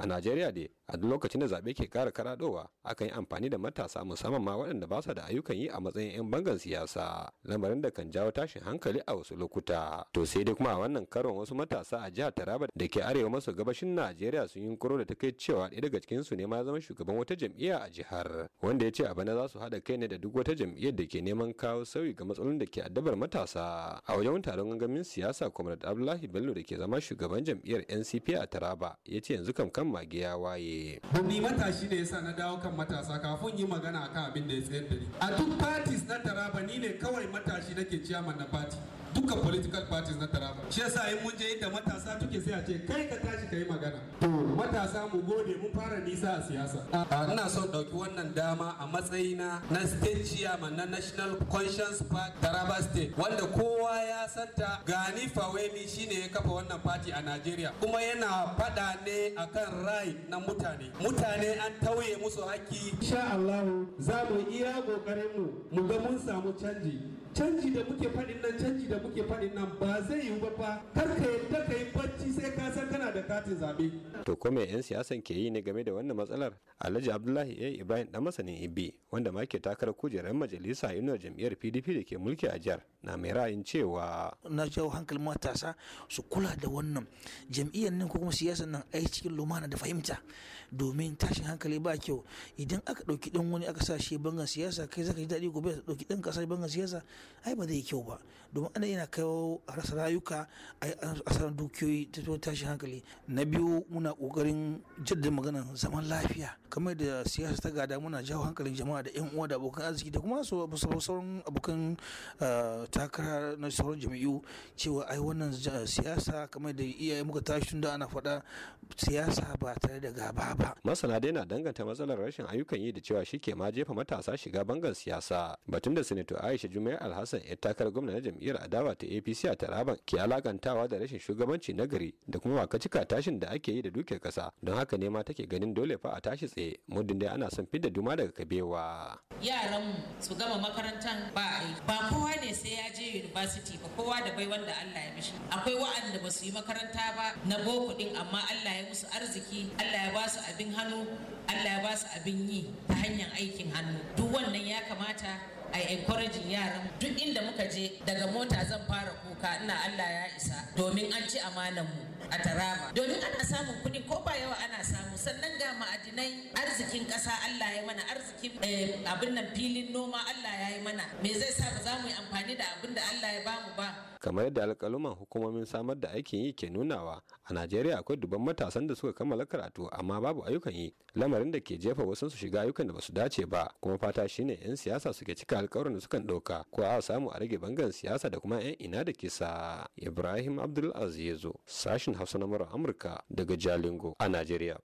a najeriya dai a duk lokacin da zaɓe ke ƙara karaɗowa akan yi amfani da matasa musamman ma waɗanda ba su da ayyukan yi a matsayin 'yan bangan siyasa lamarin da kan jawo tashin hankali a wasu lokuta to sai dai kuma a wannan karon wasu matasa a jihar taraba da ke arewa maso gabashin najeriya sun yi kuro da ta kai cewa ɗaya daga cikin su ne ma zama shugaban wata jam'iyya a jihar wanda ya ce a bana za su haɗa kai ne da duk wata jam'iyyar da ke neman kawo sauyi ga matsalolin da ke addabar matasa a wajen taron gangamin siyasa comrade abdullahi bello da ke zama shugaban jam'iyyar ncp a taraba ya ce yanzu kam mage ya waye. Ni matashi ne yasa na dawo kan matasa kafin yi magana akan abin da ya tsayar da ni. A duk parties na Taraba ni ne kawai matashi nake ciyaman na party. duka political parties na taraba shi yasa in mun je inda matasa tuke sai a ce kai ka tashi ka yi magana to matasa mu gode mun fara nisa a siyasa ina son dauki wannan dama a matsayina na state chairman na national conscience park taraba state wanda kowa ya santa gani fawemi shine ya kafa wannan party a nigeria kuma yana fada ne akan rai na mutane mutane an tauye musu haƙƙi insha Allah za mu iya kokarin mu mu ga mun samu canji canji da muke fadin nan canji da kuke faɗin nan ba zai yiwu ba kar ka yadda katin zabe. To ko me 'yan siyasan ke yi ne game da wannan matsalar? Alhaji Abdullahi A. Ibrahim dan masanin Ibi wanda ma ke takarar kujerar majalisa inuwar jam'iyyar PDP da ke mulki a jihar na mai ra'ayin cewa. Na jawo hankalin matasa su kula da wannan jam'iyyar nan ko kuma siyasan nan a cikin lumana da fahimta domin tashin hankali ba kyau idan aka ɗauki ɗan wani aka sa shi bangan siyasa kai zaka yi daɗi gobe ka ɗauki ɗan kasa bangan siyasa ai ba zai kyau ba domin ana yana kawo rasa rayuka a asarar dukiyoyi ta tashin hankali na na biyu muna kokarin jaddada maganar zaman lafiya kamar da siyasa ta gada muna jawo hankalin jama'a da 'yan uwa da abokan arziki da kuma sauran abokan ah, takara na sauran jami'u cewa ai wannan siyasa kamar da iyaye muka tashi tun da ana faɗa siyasa ba tare da gaba ba. Masana dai na danganta matsalar rashin ayyukan yi da cewa shi ke ma jefa matasa shiga bangar siyasa. Batun da Sanato Aisha Jumai Alhassan ya takar gwamna na jam'iyyar adawa ta APC a Taraban ke alakantawa da rashin shugabanci na gari da kuma makacika ta tashin da ake yi da dukiyar kasa don haka ne ma take ganin dole fa a tashi tsaye muddin dai ana son fidda duma daga kabewa yaran su gama makarantar ba ba kowa ne sai ya je university ba kowa da bai wanda Allah ya mishi akwai wa'anda ba su yi makaranta ba na boko din amma Allah ya musu arziki Allah ya ba su abin hannu Allah ya ba su abin yi ta hanyar aikin hannu duk wannan ya kamata a encouraging yaran duk inda muka je daga mota zan fara kuka ina Allah ya isa domin an ci amanan mu a taraba domin ana samun kuɗi ko ba yawa ana samu sannan ga ma'adinai arzikin ƙasa Allah ya mana arzikin eh, abin nan filin noma Allah ya yi mana me zai sa ba za mu yi amfani da abin da Allah ya bamu ba kamar yadda alƙaluman hukumomin samar da aikin yi ke nunawa a Najeriya akwai dubban matasan da suka kammala karatu amma babu ayyukan yi lamarin da ke jefa wasu su shiga ayyukan waɗanda ba su dace ba kuma fata shine 'yan siyasa suke cika alkawarin da sukan ɗauka ko a samu a rage bangan siyasa da kuma 'yan ina da kisa ibrahim abdulaziz sashin hausa na amurka daga jalingo a najeriya